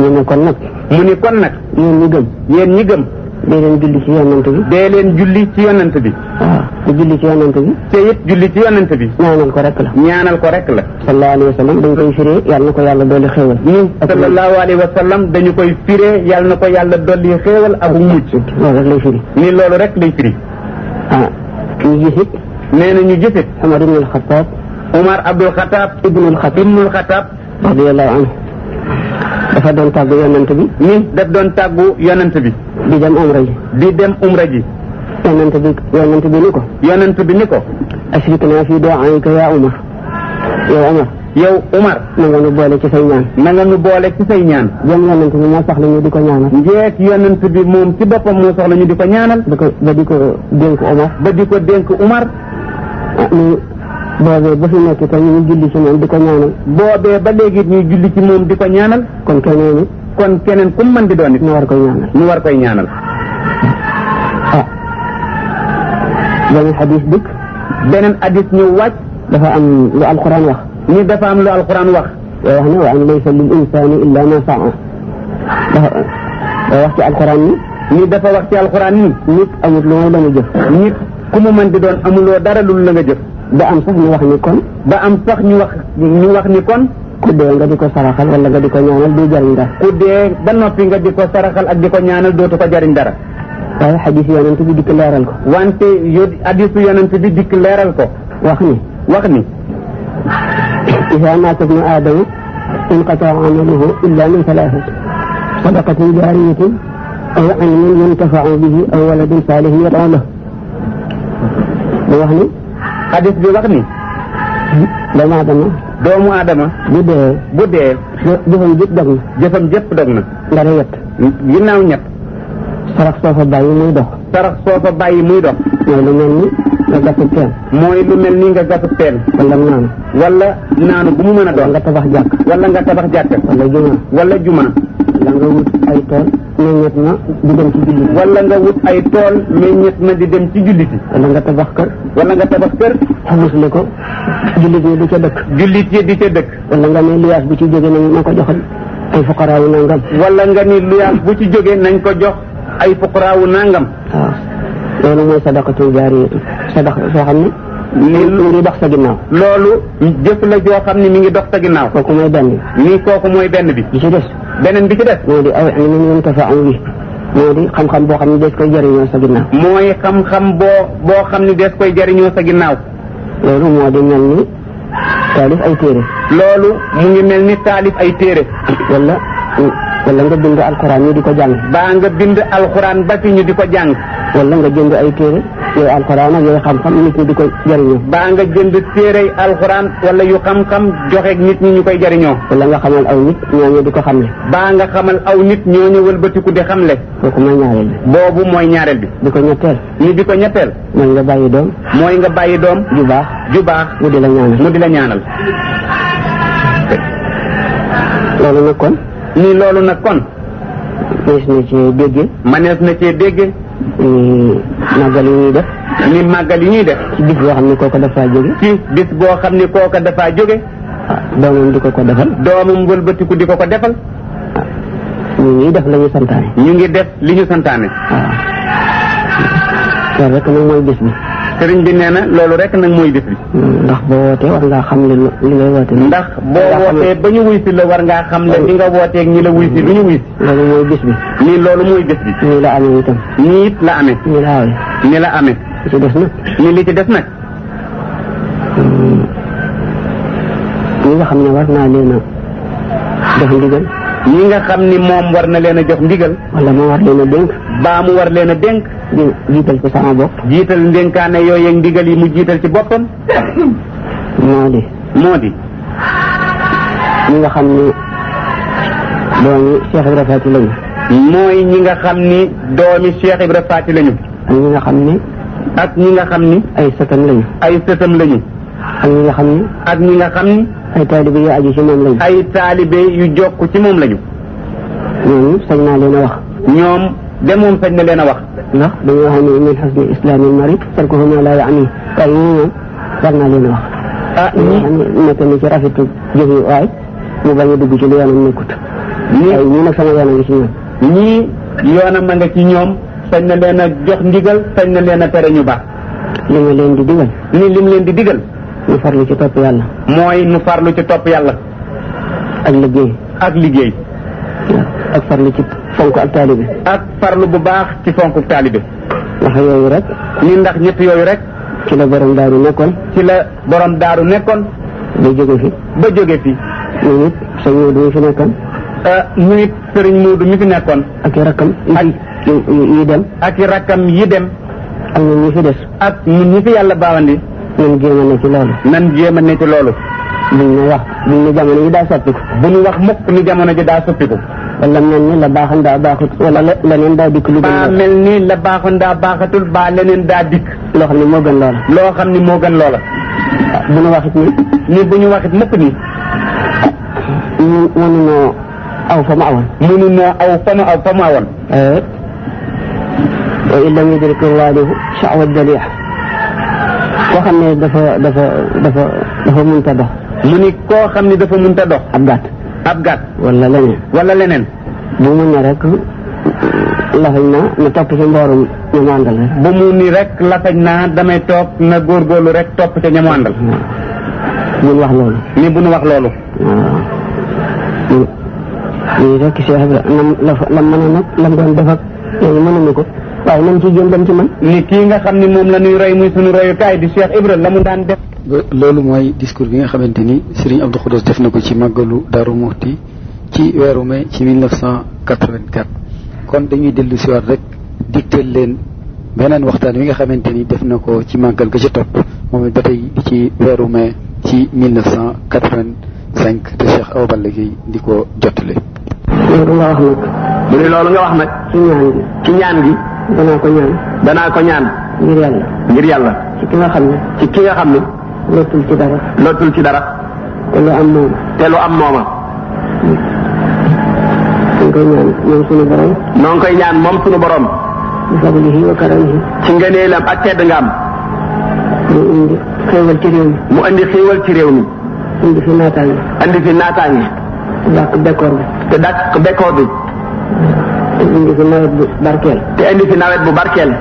ñu ne kon nag mu ni kon nag yéen ñi gëm yéen ñi gëm dee leen julli ci yonent bi. dee leen julli ci yonent bi. waaw te julli ci yonent bi. te it julli ci yonent bi. ñaanal ko rek la. ñaanal ko rek la. sallallahu alayhi wa sallam dañ koy firee yàlla na ko yàlla dolli xéewal. sallallahu alayhi wa sallam dañu koy firee yàlla na ko yàlla dolli xéewal ak mucc. loolu rek lay firi. ni loolu rek lay firi. ah ñu gis it. nee na ñu gis it. Omar ibnul Xataab. Omar Abdul Xataab. ibnul Xataab ibnul Xataab. radiyallahu anhu dafa doon tàggu yonent bi. ni daf doon tàggu yonent bi. di dem umra ji. di dem umra ji. yonent bi yonent bi ni ko. yonent bi ni ko. ashrik naa fi du'aa'ika yaa Umar yow Umar. yow Umar. na nga nu boole ci say ñaan. na nga nu boole ci say ñaan. jëm yonent bi moo soxla ñu di ko ñaanal. njeeg yonent bi moom ci boppam moo soxla ñu di ko ñaanal. ba ko ba di ko dénk Umar. ba di ko dénk Umar. Ah, boobee ba fi nekk ñu julli ci moom di ko ñaanal. boobee ba léegi ñuy julli ci moom di ko ñaanal. kon keneen kon keneen ku mën di doon it. ñu war koy ñaanal ñu war koy ñaanal. ah. beneen hadis dikk. dafa am lu alquran wax. ni dafa am lu alquran wax. yoo wax ne wa an laysa lil insani illa ma saa dafa wax ci alquran ni. ni dafa wax ci alquran nit amul lu may la jëf. nit ku mu mën di doon amuloo dara lu la nga jëf. ba am sax ñu wax ni kon ba am sax ñu wax ñu wax ni kon ku dee nga di ko saraxal wala nga di ko ñaanal du jariñ dara ku dee ba noppi nga di ko saraxal ak di ko ñaanal dootu ko jariñ dara waaye xadis yonent bi dikk leeral ko wante yo xadisu yonent bi dikk leeral ko wax ni wax ni isa maata bnu aadama inqataa amaluhu illa min salaasin sadaqatin jaariyatin aw ilmin yuntafau bihi aw waladin saalihin yad'u lahu mu wax ni xadis bi wax ni. doomu aadama. doomu aadama. bu dee. bu dee. jëfam jëpp dog na. jëfam jëpp dog na. ndare yett. ginnaaw ñett. sarax soo fa bàyyi muy dox. sarax soo fa bàyyi muy dox. mooy lu mel ni nga gasu teen. mooy lu mel ni nga gasu teen. wala naanu. wala naanu bu mu mën a doon. nga tabax jàkk. wala nga tabax jàkk. wala juma. wala juma. nga wut ay tool meññet na di dem ci jullit na di dem ci jullit yi wala nga tabax kër wala nga tabax kër xamusle ko jullit yi di ca dëkk jullit yi di ca dëkk wala nga ne liyaas bu ci jógee nañ ma ko joxal ay fuqaraawu nangam wala nga ni liyaas bu ci jógee nañ ko jox ay fuqaraawu nangam waaw loolu mooy sadaqatul jaariyatu sadaqa soo xam ne mi ngi dox sa ginnaaw loolu jëf la joo xam ne mu ngi dox sa ginnaaw kooku mooy benn bi nii kooku mooy benn bi ci des beneen bi ci des. moo di aw ilmin yuntafa'u bihi moo di xam-xam boo xam ne des koy jëriñoo sa ginnaaw. mooy xam-xam boo boo xam ne des koy jëriñoo sa ginnaaw. loolu moo di mel ni taalif ay téere. loolu mu ngi mel ni taalif ay téere. wala wala nga bind alxuraan ñu di ko jàng. baa nga bind alxuraan ba fi ñu di ko jàng. wala nga jënd ay téere. yooyu alxuraan ak yooyu xam-xam nit ñi di koy jëriñoo. baa nga jënd téerey alxuraan wala yu xam-xam joxe nit ñi ñu koy jariñoo wala nga xamal aw nit ñooñu di ko xamle. baa nga xamal aw nit ñooñu wëlbatiku di xamle. kooku mooy ñaareel bi. boobu mooy ñaareel bi. di ko ñetteel. ni di ko ñetteel. mooy nga bàyyi doom. mooy nga bàyyi doom. ju baax ju baax. mu di la ñaanal mu di la ñaanal. loolu nag kon. ni loolu nag kon. manees na cee déggee. manees na cee déggee. Mm, màggal yi ñuy def. ni màggal yu ñuy def. ci bis boo xam ne kooka dafaa jóge. ci bis boo xam ne kooka dafaa jóge. Ah, doomam di ko ko defal. doomam wëlbatiku di ko ko defal. Ah, ñu ngi def la ñu santaane. ñu ngi def li ñu santaane. waaw. Ah. loolu rek moom mooy bis bi. sëriñ bi nee na loolu rek nag mooy bis bi. ndax boo wootee war ngaa xam li li ngay woote. ndax boo wootee ba ñu wuy si la war ngaa xam le li nga wooteeg ñi la wuy si du ñu wuy si. loolu mooy bis bi. nii loolu mooy bis bi. nii la amee nii la amee. nii la amee. nii la amee. li ci des nii li ci des nag. Hmm. xam ne war naa leen a jox ndigal. ñi nga xam ni moom war na leen a jox ndigal. wala moo war leen a dénk. baa mu war leen a dénk. jiital ci sama bopp. jiital ndénkaane yooyu ak ndigal yi mu jiital ci boppam. moo di. moo di. ñi nga xam ni doomi Cheikh Ibra Faati lañu. mooy ñi nga xam ni doomi Cheikh Ibra Faati lañu. ak ñi nga xam ni. ak ñi nga xam ni. ay sëtam lañu. ay sëtam lañu. ak ñi nga xam ni. ak ñi nga xam ni. ay taalibe yu aju ci moom lañu. ay taalibe yu jokk ci moom lañu. ñooñu sañ naa leen a wax. ñoom. de moom sañ na leen a wax. ndax dañoo wax ne min xusni islaami mari tarkuhu ma laa yaani kay ñii moom war naa leen a wax. ah ñii nekk na ci rafetu jëf yi waay mu bañ a dugg ci lu yoonam nekkut. ñii ñii nag sama yoonam ngi ci ñoom. ñii yoonam ma nga ci ñoom sañ na leen a jox ndigal sañ na leen a tere ñu baax. li ma leen di digal. ni li mu leen di digal. nu farlu ci topp yàlla. mooy nu farlu ci topp yàlla. ak liggéey. ak liggéey. ak farlu ci fonk ak taalibe ak farlu bu baax ci fonk taalibe ndax yooyu rek ni ndax ñett yooyu rek ci la borom daaru nekkoon ci la borom daaru nekkoon ba jóge fi ba jóge fi mu nit sëñ Moodu mi fi nekkoon euh, ñu nit sëriñ Moodu mi fi ak i rakkam yi dem ak i rakkam yi dem ak ñun ñi fi des ak ñun ñi fi yàlla baawandi nan jéem a ne ci loolu nan jéem a ne ci loolu buñ ne wax buñ ne jamono ji daa soppiku buñ wax mukk ni jamono ji daa soppiku wala mel ni la baaxoon daa baaxut wala la leneen daa dikk lu ba mel ni la baaxoon daa baaxatul baa leneen daa dikk loo xam ne moo gën loola loo xam ne moo gën loola bu ñu waxit ni ni bu ñu waxit mukk ni mënunoo aw fa mu awoon mënunoo aw fa mu aw fa mu awoon wa in lam yudrik waalihu sha'wa daliya koo xam ne dafa dafa dafa dafa mënta dox mu ni koo xam ne dafa mënta dox ab gàtt ab gàtt. wala leneen. wala leneen. bu mu ne rek lafañ naa na topp ci mboorum ñamu àndal rek. bu mu ni rek lafañ naa damay toog na góorgóorlu rek topp ca ñamu àndal. waaw wax loolu. ni bu nu wax loolu. waaw. lii rek Cheikh la la a nag la mu doon def ak yooyu mënuñu ko. waaye nañ ci jéem dem ci man ni kii nga xam ne moom la ñuy roy muy suñu royukaay di Cheikh Ibra la mu daan def loolu mooy discours bi nga xamante ni Serigne Abdou Khoudoss def na ko ci màggalu Daaru Muxti ci weeru mai ci 1984 kon dañuy dellu si rek digteel leen beneen waxtaan wi nga xamante ni def na ko ci màggal ga ci topp moom ba tey ci weeru mai ci 1985 te Cheikh Awa Balla Gueye di ko jottale loolu nga wax nag ci ñaan gi danaa ko ñaan. danaa ko ñaan. ngir yàlla. ngir yàlla. ci ki nga xam ne. ci ki nga xam ne. lottul ci dara. lottul ci dara. te lu am mooma. te lu am mooma. ñu ngi koy ñaan moom suñu borom. ñoo ngi koy ñaan moom suñu borom. bi fadlihi wa karamihi. ak tedd nga am. mu indi xéewal ci réew mi. mu indi xéewal ci réew mi. indi fi naataange. indi fi naataange. dàq bekkoor bi. te dàq bekkoor bi. te indi fi nawet bu barkeel. te indi fi nawet bu barkeel.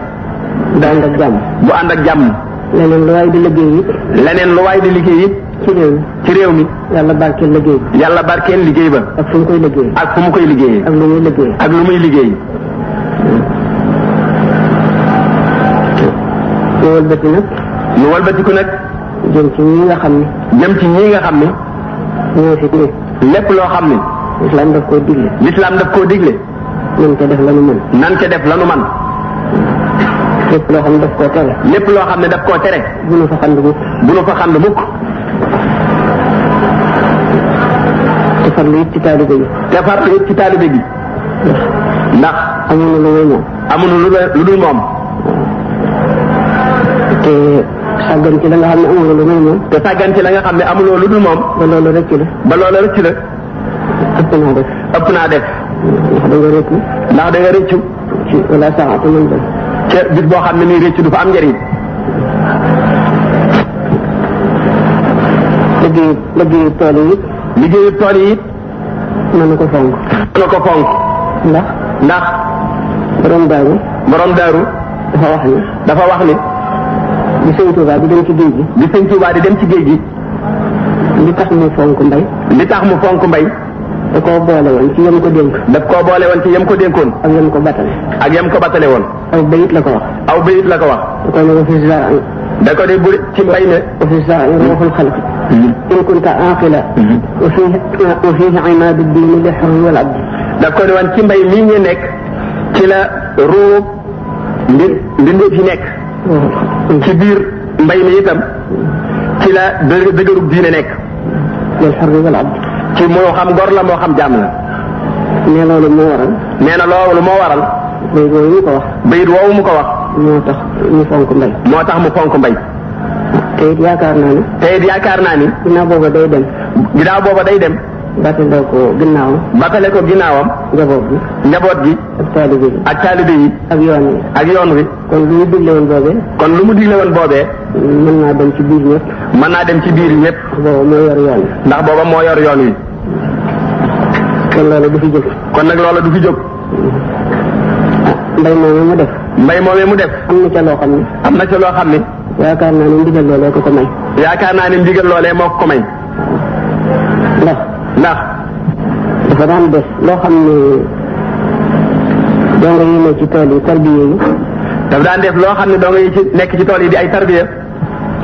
bu ànd ak jàmm. bu ànd ak jàmm. leneen lu waay di liggéey it. leneen lu waay di liggéey it. ci réew mi ci réew yàlla barkeel liggéey. yàlla barkeel liggéey ba. ak fu mu koy liggéey. ak fu mu koy liggéey. ak lu muy liggéey. ak lu muy liggéey. ñu wëlbati nag. ñu wëlbatiku nag. jëm ci ñii nga xam ne. jëm ci ñii nga xam ne. lépp loo xam ne. lislaam daf koo digle. lislaam daf koo digle. nañ ko def lanu mën. nañ ca def lanu man lépp loo xam ne daf koo tere. lépp loo xam ne daf koo tere. bu nu fa xand mukk. bu nu fa xand mukk. te farlu it ci taalibe gi. te farlu it ci taalibe gi. ndax amuñu lu dul moom. amuñu lu dul moom. la nga xam ne amuloo lu dul moom. te sàggan ci la nga xam ne amuloo lu dul moom. ba loolu rëcc la. ba loolu rëcc la. ëpp naa def. ëpp naa def. da nga rëccu ndax da nga rëccu ci wala saxaata lañ dem ca bis boo xam ne nii rëccu du fa am njëriñ liggéeyu liggéeyu tool yi it liggéeyu tool yi it mën na ko fonk mën na ko fonk ndax ndax borom daaru borom daaru dafa wax ni dafa wax ni di sëñ Tuubaa di dem ci géej gi di sëñ Tuubaa di dem ci géej gi li tax mu fonk mbay li tax mu fonk mbay da koo boole woon ci yam ko dénk. daf koo boole woon ci yam ko dénkoon. ak yam ko batale. ak yam ko batale woon. aw bayit la ko wax. aw bayit la ko wax. da ko ne wa fi zar'an. da ko ne bu ci mbay ne. wa fi zar'an ruuxul xalq. Mhm. in kunta aaqila. Mhm. wa fiihi wa fiihi imaadu diini li xurri wal abdi. daf ko ne woon ci mbay mii ñu nekk ci la ruub mbir mbindeef yi nekk. Mhm. ci biir mbay mi itam ci la dë dëgërub diine nekk. lil xurri wal abdi. ci moo xam gor la moo xam jaam la. nee loolu moo waral. nee na loolu moo waral. bayit woowu mu ko wax. bayit woowu mu ko wax. moo tax mu fonk mbay. moo tax mu fonk mbay. te yaakaar naa ni. te yaakaar naa ni. ginnaaw booba day dem. ginnaaw booba day dem. bàttale ko ginnaawam. bàttale ko ginnaawam. njaboot bi. njaboot bi. ak taalibe yi. ak taalibe yi. ak yoon wi. ak yoon wi. kon lu mu digle woon boobee. kon lu mu digle woon boobee. mën naa dem ci biir ñëpp. mën naa dem ci biir ñëpp. moo yor yoon wi. ndax booba moo yor yoon wi. kon loola du fi jóg. kon nag loola du fi jóg. mbay moomee mu def. mbay moomee mu def. am na ca loo xam ne. am na ca loo xam ne. yaakaar naa ne ndigal loolee ko ko may. yaakaar naa ne ndigal ko ndax dafa daan def loo xam ne donga yi nekk ci tool yi tarbiya yi dafa daan def loo xam ne donga yi nekk ci tool yi di ay tarbiya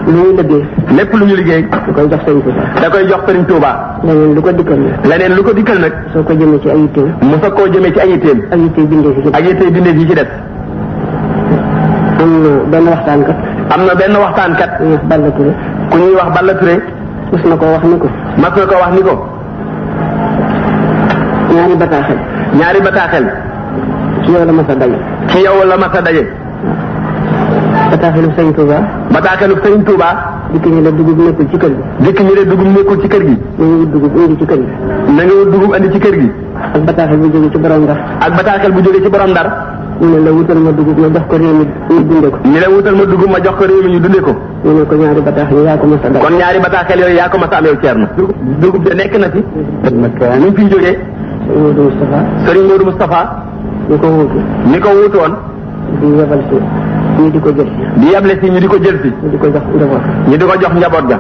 lu ñuy lépp lu ñu liggéey da koy jox sëriñ Touba da koy jox sëriñ Touba leneen lu ko dikkal leneen lu ko dikkal nag soo ko jëmee ci ay yitteem mu soo koo jëmee ci ay yitteem ak yittey bindeef ak yittey bindeef yi ci def am na benn waxtaan am na benn waxtaan kat ku ñuy wax Balla Touré na ko wax ni ko mas na ko wax ni ko ñaari bataaxel. ñaari bataaxel. ci yow la mas a daje. ci yow la mas a daje. bataaxelu sëñ Touba. bataaxelu sëñ Touba. dikk ñi la dugub nekkul ci kër gi. dikk ñi la dugub nekkul ci kër gi. na nga wut dugub indi ci kër gi. na nga wut dugub indi ci kër gi. ak bataaxel bu jógee ci borom ndar. ak bataaxel bu jógee ci borom ndar. ñu ne la wutal ma dugub ma jox ko réew mi ñu dundee ko. ñu ne wutal ma dugub ma jox ko réew mi ñu dundee ko. ñu ne ko ñaari bataaxel yaa ko mas a kon ñaari bataaxel yooyu yaa ko mas a am yow Thierno. dugub dugub de nekk na fi. ñu ngi fi jógee. sëriñ Modou mu sëriñ Modou ñi ko wuutu. ñi ko wuutu woon. di ko jël si. di yeble si di ko jël si. ñu di ko jox njaboot. ñu di ko jox njaboot ga.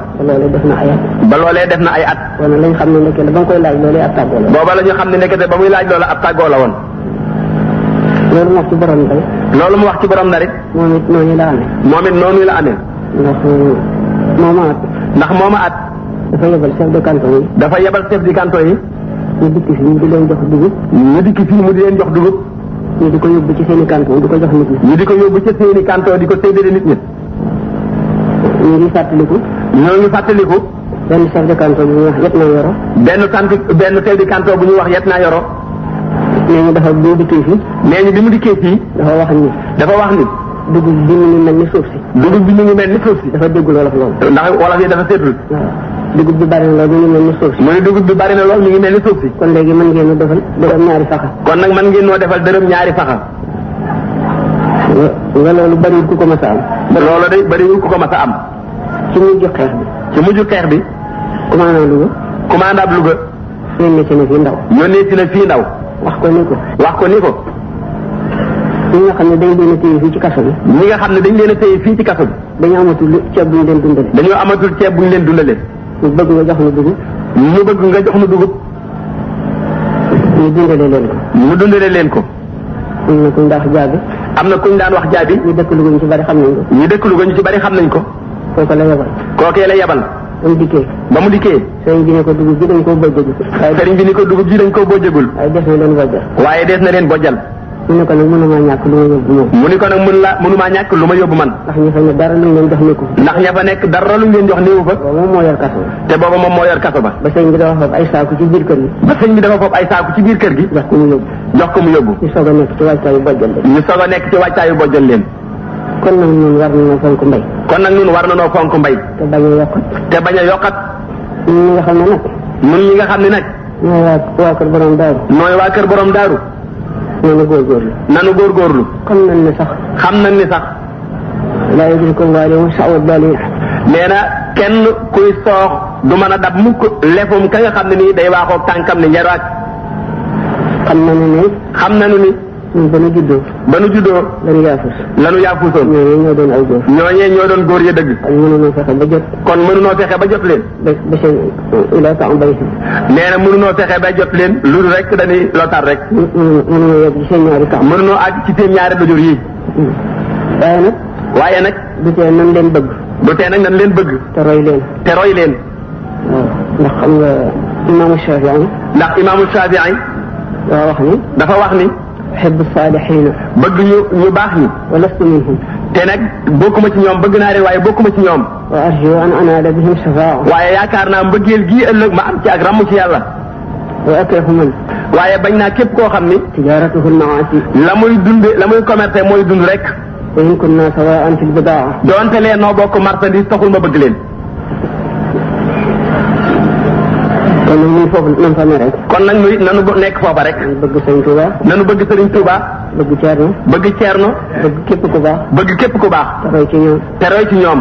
ba loolee def na ay at. ba loolee def na ay at. wala lañ xam ne nekkee ba koy laaj loolee ab booba la ñu xam ne nekkee ba muy laaj loola ab tàggoo la woon. loolu mu wax ci borom ndari. loolu mu wax ci borom ndari. moom it noonu la amee. moom it noonu la amee. ndax euh, mooma at. ndax mooma at. dafa yebal chef de canton yi. dafa yebal chef de canton yi. ñu dikk fii mu di leen jox dugub. mu di leen jox dugub. ñu di ko yóbbu ci seen i canton di ko jox nit ñi. ñu di ko yóbbu ci seen i di ko séddale nit ñi. ñu ngi fàttaliku. ñoo ngi fàttaliku. benn chef de canton bu ñuy wax yet naa yoro. benn tant benn chef de canton bu ñuy wax yet naa yoro. nee ñu dafa bi mu dikkee fii. nee ñu bi mu dikkee fii. dafa wax ni. dafa wax ni. dugub bi mu ngi mel ni suuf si. dugub bi mu ngi mel ni suuf si. dafa déggul wolof lool. ndax wolof yi dafa seetul. dugub bi bari na lool mi ngi mel ni mu bari na lool ngi mel ni suuf si. kon léegi mën ngeen a defal dërëm ñaari faxa. kon nag mën ngeen noo defal dërëm ñaari faxa. nga loolu bariwul ku ko mas a am. loolu de bariwul ku ko mas a am. ci mujj xeex bi. ci mujj xeex bi. commandant Louga. commandant Louga. yónnee si na fii ndaw. yónnee si na fii ndaw. wax ko ni ko. wax ko ni ko. ñi nga xam ne dañ leen téye fii ci kaso bi ñi nga xam ne dañ leen a téye fii ci kaso bi dañoo amatul ceeb bu ñu leen dundale dañoo amatul ceeb bu ñu leen dundale mu bëgg nga jox nu dugub mu bëgg nga jox nu dugub ñu dundale leen ko ñu dundale leen ko am na kuñ daan wax jaabi am na kuñ daan wax jaabi ñu dëkk Louga ñu ci bari xam nañ ko ñu dëkk Louga ñu ci bari xam nañ ko kooku la yebal kooku la yebal ba mu dikkee ba mu dikkee sëriñ bi ne ko dugub ji dañ koo bojjagul sëriñ bi ne ko dugub ji dañ koo bojjagul waaye des na leen bojjal waaye des na leen bojjal mu ne ko nag mënumaa ñàkk lu ma yóbbu moom mu ne ko nag mënu laa mënumaa ñàkk lu ma yóbbu man ndax ña fa ne dara luñ leen jox nekku ndax ña fa nekk dara luñ leen jox néewu fa moom moo yor kaso ba te booba moom moo yor kaso ba ba sëñ bi dafa foofu ay saaku ci biir kër gi ba sëñ bi dafa foofu ay saaku ci biir kër gi jox ko mu yóbbu jox ko mu yóbbu ñu soog a nekk ci wàccaayu bojjal leen ñu soog a nekk ci wàccaayu bojjal leen kon nag ñun war a a yokkat ñun ñi nga xam nga xam ne nag ñooy waa kër borom daaru ñooy waa kër borom daaru nanu góorgóorlu. nanu góorgóorlu. xam nañ ne sax. xam nañ ne sax. laa yudrikuhu l-ghaalibu sa'yu d-daalin. na kenn kuy soox du mën a dab mukk lefum ka nga xam ne nii day waaxoo tànkam ne njaraat. xam nañu ni. xam nañu ni. ba nu juddoo. ba nu juddoo. lanu yaafus. lanu yaafusoon. ñooñee ñoo doon ay ñoo ñee ñoo doon góor ya dëgg. kon mënuñoo fexe ba jot. kon mënuñoo fexe ba jot leen. ba ba seen ila tax mbay. nee na mënuñoo fexe ba jot leen. lu rek dañuy lotaar rek. mu mu mënuñoo yegg ci seen ñaari tax. mënuñoo àgg ci seen ñaari bëjur yi. Hmm. waaye nag. waaye nag. du tee nan leen bëgg. du tee nag nan leen bëgg. te roy leen. te roy leen. ndax xam nga imaamu Shaafi'i. ndax imaamu Shaafi'i. dafa wax ni. dafa wax ni. uhibbu saalihiin bëgg ñu ñu baax ñi. wa lastu minhum. te nag bokkuma ci ñoom bëgg naa leen waaye bokkuma ci ñoom. wa arju an anaala bihim shafaa. waaye yaakaar naa mbëggeel gii ëllëg ma am ci ak ràmm ci yàlla. wa akrahu man. waaye bañ naa képp koo xam ni. tijaaratuhu al-maasi. la muy dunde la muy commercer mooy dund rek. wa in kunna sawaan fil bidaa. donte lee noo bokk marchandise taxul ma bëgg leen. kon nag ñun foofu nañ fa ne rek. kon nag ñun nanu nekk foofa rek. bëgg Sëriñ Touba. nanu bëgg Sëriñ Touba. bëgg Thierno. bëgg Thierno. bëgg képp ku baax. bëgg képp ku baax. te roy ci ñoom. te roy ci ñoom.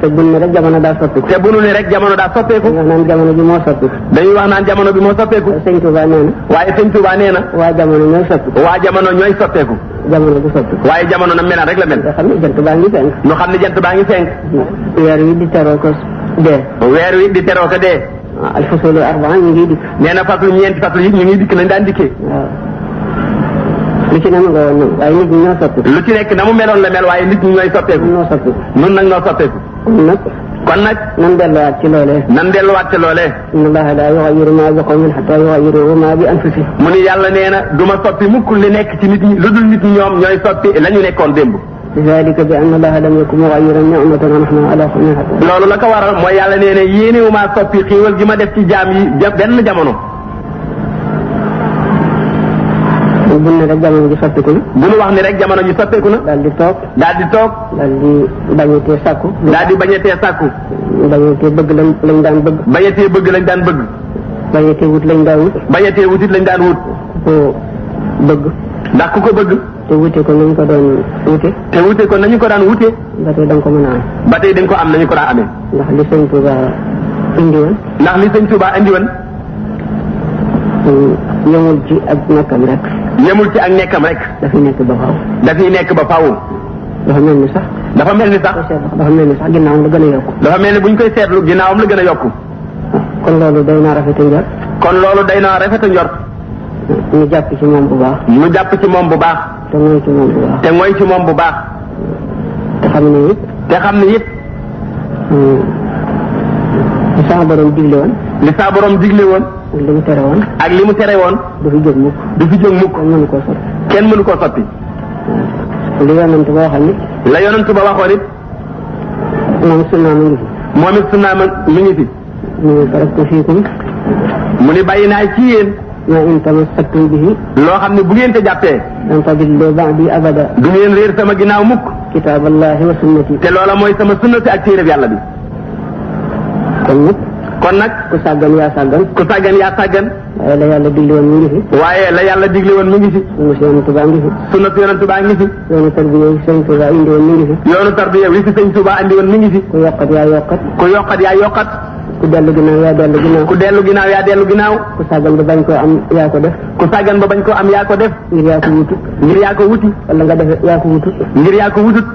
te bu nu ne rek jamono daa soppeeku. te bu nu rek jamono daa soppeeku. dañuy wax naan jamono bi moo soppeeku. dañuy wax naan jamono bi moo soppeeku. sëñ Touba nee waaye sëñ Touba nee na. waa jamono ñooy soppeeku. waa jamono ñooy soppeeku. jamono du soppeeku. waaye jamono na melaan rek la mel. nga xam ne jant baa ngi fenk. ñu xam ne jant baa ngi fenk. weer wi ko alfasolu arbaa ñu ngi dikk. nee na faslu ñeenti faslu yi ñu ngi dikk nañ daan dikkee. waaw lu ci nam waaye nit ñi ñoo soppeeku. lu ci nekk na mu meloon la mel waaye nit ñi ñooy soppeeku. ñoo soppeeku nun nag ñoo soppeeku. kon nag. kon nag. nan delluwaat ci loolee. nan delluwaat ci loolee. inna allaha laa yughayyiru maa bi qawmin hattaa yughayyiru maa bi anfusihim. mu yàlla nee na ma soppi mukk li nekk ci nit ñi lu nit ñi ñoom ñooy la ñu nekkoon démb. zalika bi anna allaha lam yakun mughayyiran ni'matan an'amaha ala qawmin hatta loolu la ko waral mooy yàlla nee ne yéenewumaa soppi xiiwal gi ma def ci jaam yi benn jamono. bu ne rek jamono ji bu nu wax ni rek jamono ji soppeeku na. daal toog. daal di toog. daal di bañatee sàkku. daal di bañatee sàkku. bañatee bëgg lañ lañ daan bëgg. bañatee bëgg lañ daan bëgg. bañatee wut lañ daan wut. lañ daan wut. ku ko bëgg. ndax ku ko bëgg. te wute ko nañu ko doon wute. te wute ko nañu ko daan wute. ba tey da ko mën a am. ba tey da ko am nañu ko daan amee. ndax li sëñ Touba indi woon. ndax li sëñ Touba indi woon. Mm, ci ak nekkam rek. yemul ci ak nekkam rek. dafay nekk ba faaw. nekk ba faaw. dafa mel ni sax. dafa mel ni sax. dafa mel ni sax ginnaawam la gën a yokku. dafa mel ni bu ñu koy seetlu ginnaawam la gën a yokku. kon loolu day naa rafet a njort. kon loolu day naa rafet a njort. ñu jàpp ci moom bu baax. mu jàpp ci moom bu baax. te mooy ci moom bu baax. te mooy ci moom bu baax. te xam ne it. te xam ne it. Hmm. li saa borom digle woon. li saa digle woon. li mu tere woon. ak li mu tere woon. du fi jóg mukk. du fi jóg mukk. kenn mënu koo sotti. kenn mënu koo sotti. Hmm. li yonent ba waxoon it. la yonent ba waxoon it. moom sunna mu ngi fi. moom it sunna mu ngi fi. mu ngi bàyyi naa ci yéen. wa in tamassaktum bihi loo xam ne bu ngeen te jàppee lan ba ba'di abada du ngeen réer sama ginnaaw mukk kitaaballahi wa sunnati te loola mooy sama sunnati ak téeréb yàlla bi kon nag kon nag ku sàggan yaa sàggan ku sàggan yaa sàggan waaye la yàlla digle woon mi ngi fi waaye la yàlla digle woon mi ngi fi sunna tarbiya wi mi ngi fi yoonu si sëñ Tuubaa indi woon mi ngi fi ku yokkat yaa yokkat ku dellu ginnaaw yaa dellu ginnaaw. ku dellu ginnaaw yaa dellu ginnaaw. ku sàggan ba bañ koo am yaa ko def. ku sàggan ba bañ koo am yaa ko def. ngir yaa ko wuti. ngir yaa ko wuti. wala nga def yaa ko wutut. ngir yaa ko wutut.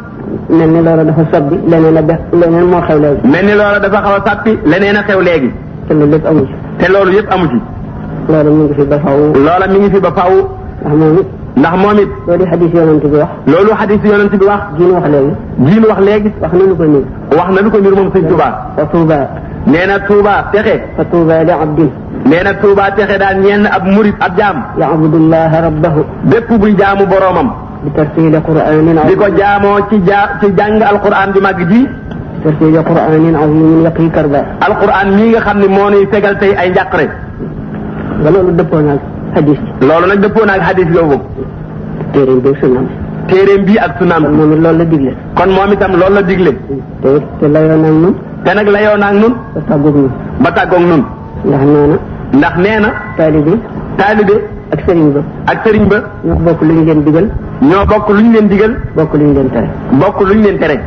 mel ni loola dafa soppi leneen a def leneen moo xew léegi. mel ni loola dafa xaw a soppi leneen a xew léegi. te loolu yëpp amu ci. te yëpp amu ci. loola mi ngi fi ba faaw. loola mi ngi fi ba faaw. ndax moom it. loolu xadis yonent bi wax. loolu xadis yonent bi wax. jiin wax léegi. jiin wax léegi. wax na lu ko niir. wax na lu ko niir moom sëñ Touba. fa Touba. nee na Touba texe. fa Touba li abdin. nee na Touba texe daal ñenn ab murit ab jaam. yaabudullaha rabbahu. bépp buy jaamu boromam. bi tartiili quraanin di ko jaamoo ci ja ci jàng alquran bi màgg ji. tartiili quraanin azimin yaqi karba. mii nga xam ne moo nuy fegal tey ay njàqare. loolu dëppoo nag. hadis. loolu nag dëppoo naag hadis boobu. téereem bi ak sunaam. téereem bi ak sunaam. kon moom it loolu la digle. kon moom itam loolu la digle. te te layoon ak nun. te nag layoon nun. ba tàggoog nun. ndax nee na. ndax nee na. taalibe. taalibe. ak sëriñ ba. ak sëriñ ba. ñoo bokk lu ñu leen digal. ñoo bokk lu ñu leen digal. bokk lu ñu leen tere. bokk lu ñu leen tere.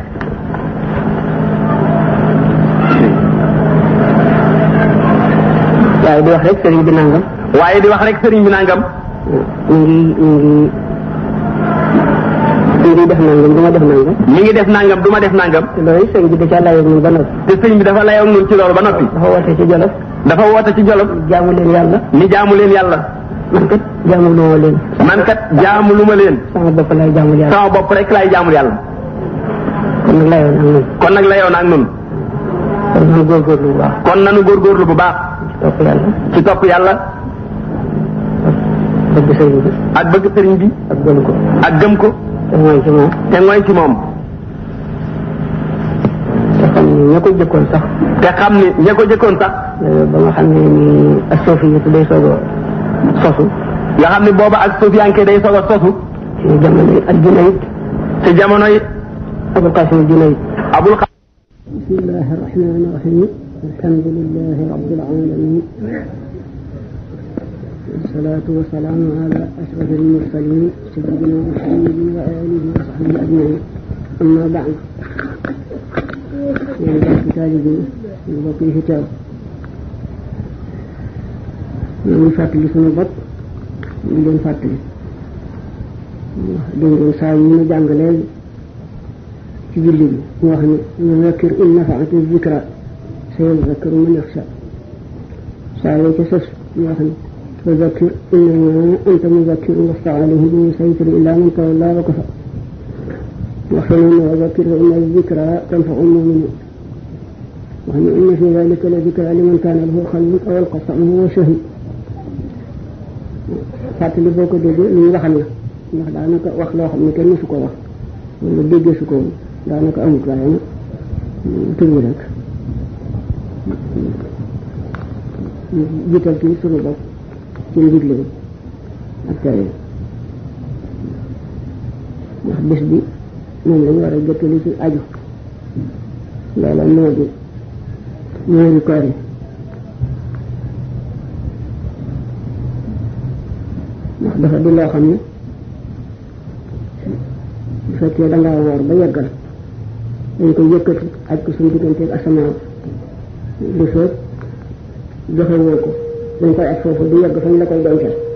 waaye di wax rek sëriñ bi nangam. waaye di wax rek sëriñ bi nangam. mi ngi def nangam du def nangam. mi ngi def nangam du ma def nangam. te loolu bi dafa layoo ñun ci loolu ba noppi. dafa woote ci jolof. dafa woote ci jolof. jaamu leen yàlla. ni jaamu leen yàlla. man kat jaamu lu ma leen. man kat jaamu lu leen. sama bopp laay jaamul yàlla. sama bopp rek laay jaamul yàlla. kon nag layoo na ak ñun. kon nag layoo ak ñun. kon nanu góorgóorlu bu baax. kon nanu góorgóorlu bu baax. ci topp yàlla. yàlla. bëgg sëriñ bi. ak bëgg sëriñ bi. ak gëm ko. ak gëm ko. te mooy ci moom. te mooy ci moom. te xam ne ña ko jëkkoon sax. te xam ne ña ko jëkkoon sax. Euh, ba nga xam ne nii ak soofi yi day soog a sosu. nga xam ne booba ak sofiyanke day soog a sosu. ci jamono yi ak dina it. ci jamono yi. abul qasim dina it. abul qasim. bismillahi rahmani rahim alhamdulillahi rabbil alamin والصلاة والسلام على أشرف المرسلين سيدنا محمد وآله وصحبه أجمعين أما بعد يعني بعد كتاب بقي كتاب ñu fàttali suñu bopp ñu leen fàttali dégg ngeen saa yi ñu jàngaleel ci julli bi mu wax ni ñu zakkir in nafaati zikra sayazakkaru man yaxsha saa yoo ca sos ñu wax ni فذكر إنما أنت مذكر لست عليهم بمسيطر إلا من تولى وكفر وحنون وذكر فإن الذكرى تنفع المؤمنين وأن إن في ذلك لذكرى لمن كان له خلق أو القصة وهو شهيد fàttali boo ko déggee lu ñu waxal la ndax daanaka wax loo xam ne kenn mësu ko wax wala déggee su ko daanaka amut waaye nag mm, tur bi rek mm, jiital kii suñu bopp ci ndigle bi ak tere ndax bés bi moom lañu war a jëkk li ci aju loola moo di ñëwri koor yi ndax dafa di loo xam ne fekkee dangaa woor ba yeggal dañ koy yëkkati aj ko suñu diggante asamaan lu soog joxe ko nañ ko laaj foofu du yegg fañ la koy dencal